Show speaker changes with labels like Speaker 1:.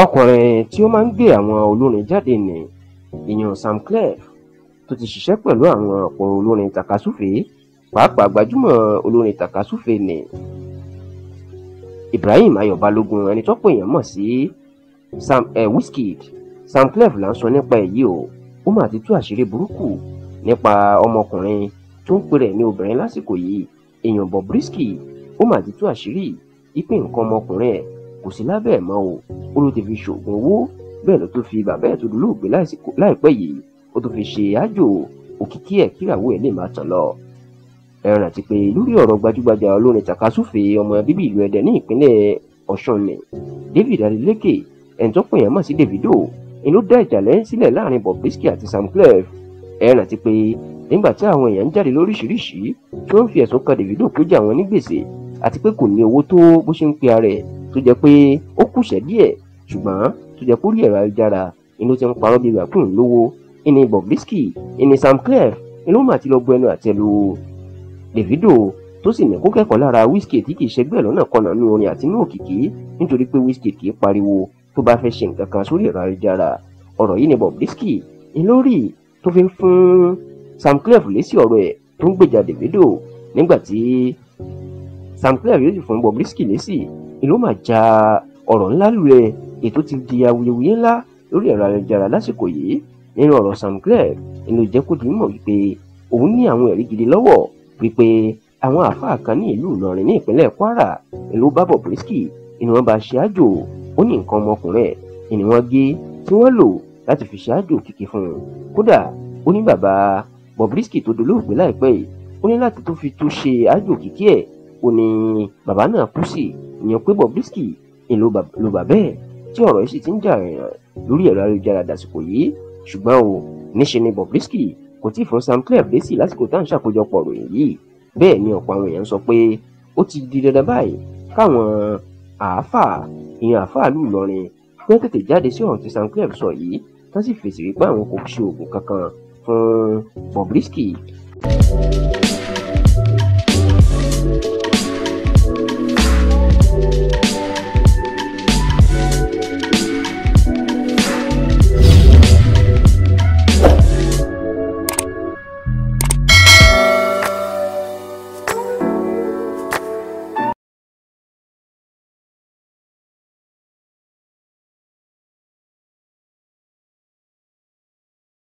Speaker 1: ọkùnrin tí ó máa ń gbé àwọn olórin jáde ní ìyẹn Sam Clef tó ti ṣiṣẹ́ pẹ̀lú àwọn ọ̀pọ̀ olórin takasúfè pàápàá gbajúmọ̀ olórin takasúfè ní Ibrahim Ayọ̀ Balógun ẹni tọ́pọ̀ èèyàn mọ̀ sí Sam eh, Wizkid Sam Clef là ń sọ nípa èyí o ó mà ti tú àṣírí burúkú nípa ọmọkùnrin tó ń pèrè ní obìnrin lásìkò yìí èèyàn Bobrisky ó mà ti tú àṣírí ìpín nǹkan ọmọkùnrin ẹ̀ kò sí lábẹ́ ẹ̀ mọ́ o ó ló ti fi ṣoògùn owó bẹ́ẹ̀ ló tún fi bàbá ẹ̀ tó dolóògbé láìpẹ́ yìí ó tún fi ṣe àjò òkìkí ẹ̀ kíyàwó ẹ̀ lè máa tàn lọ. ẹ rántí pé lórí ọ̀rọ̀ gbajúgbajà olórin takasúfè ọmọ bíbí ìlú ẹdẹ ní ìpínlẹ̀ ọ̀ṣun ni david adeleke ẹni tó pèèyàn mọ̀ sí davido ni ló dá ìjà lẹ́yìn sílẹ̀ láàrin bobrisky àti sam clef ẹ rántí pé nígbà tí àwọn èèyàn ń jáde lóríṣiríṣi tí wọ́n fi ẹ̀sùn kan davido pé jẹ́ àwọn ní àti pé kò ní owó tó bó ṣe ń pe ara ẹ̀ tó jẹ́ pé ó kùsẹ̀ díẹ̀ ṣùgbọ́n tó jẹ́ pé ó rí ẹ̀rọ ayélujára inú ti ń parọ́ bíi ràpùn lówó ìní Bobrisky ìní Sam Clef inú mà ti lọ bu ẹnu àtẹ́lu Davido tó sì ní kó kẹ́kọ̀ọ́ lára Wizkid tí kì í ṣẹgbẹ́ lọ́nà kọ̀nà nínú orin àti inú òkìkí nítorí pé Wizkid kì í pariwo tó bá fẹ́ ṣe nǹkan kan sórí ẹ̀rọ ayélujára ọ̀rọ̀ yìí ni Bobrisky ìlórí tó fi fún Sam Clef lésì ọ̀rọ̀ ẹ̀ tó ń gbèjà Davido nígbà Sam Clef yóò sì fún Bobrisky lésì ìlú mà já ọ̀rọ̀ ńlá lulẹ̀ ètò ti di awuyewuye ńlá lórí ẹ̀rọ ayélujára lásìkò yìí nínú ọ̀rọ̀ Sam Clark inú ìjẹ́kùdì mọ̀ wípé òun ní àwọn ẹ̀rí gidi lọ́wọ́ wípé àwọn àáfàá kan ní ìlú Ìlọrin ní ìpínlẹ̀ Kwara ìlú Bábọ̀ Brisky ni wọ́n bá ṣe àjò ó ní nǹkan ọmọkùnrin ẹ̀ ni wọ́n gé tí wọ́n lò láti fi ṣe àjò kìkì fún un kódà ó ní bàbá Bobrisky tó dolóògbé láìpẹ́ yìí ó ní láti tó fi tó ṣe àjò kìkì ẹ̀ ó ní bàbá náà kú sí ìyẹn pé Bobrisky ìlú bàbá bẹ́ẹ̀ tí ọ̀rọ̀ yìí sì ti ń jà rìnrìn lórí ẹ̀rọ ayélujára dàsìkò yìí ṣùgbọ́n o níṣe ni Bobrisky kò tí ì fún Sam Clark lésì lásìkò tá à ń ṣàkójọpọ̀ ròyìn yìí bẹ́ẹ̀ ni ọ̀pọ̀ àwọn èèyàn sọ pé ó ti di dandan báyìí káwọn àáfàá ìyẹn àáfàá lù lọrin kí wọ́n tètè jáde sí ọ̀rọ̀ tí Sam Clark sọ yìí tán sì fèsì wípé àwọn kò ṣe oògùn kankan fún Bobrisky.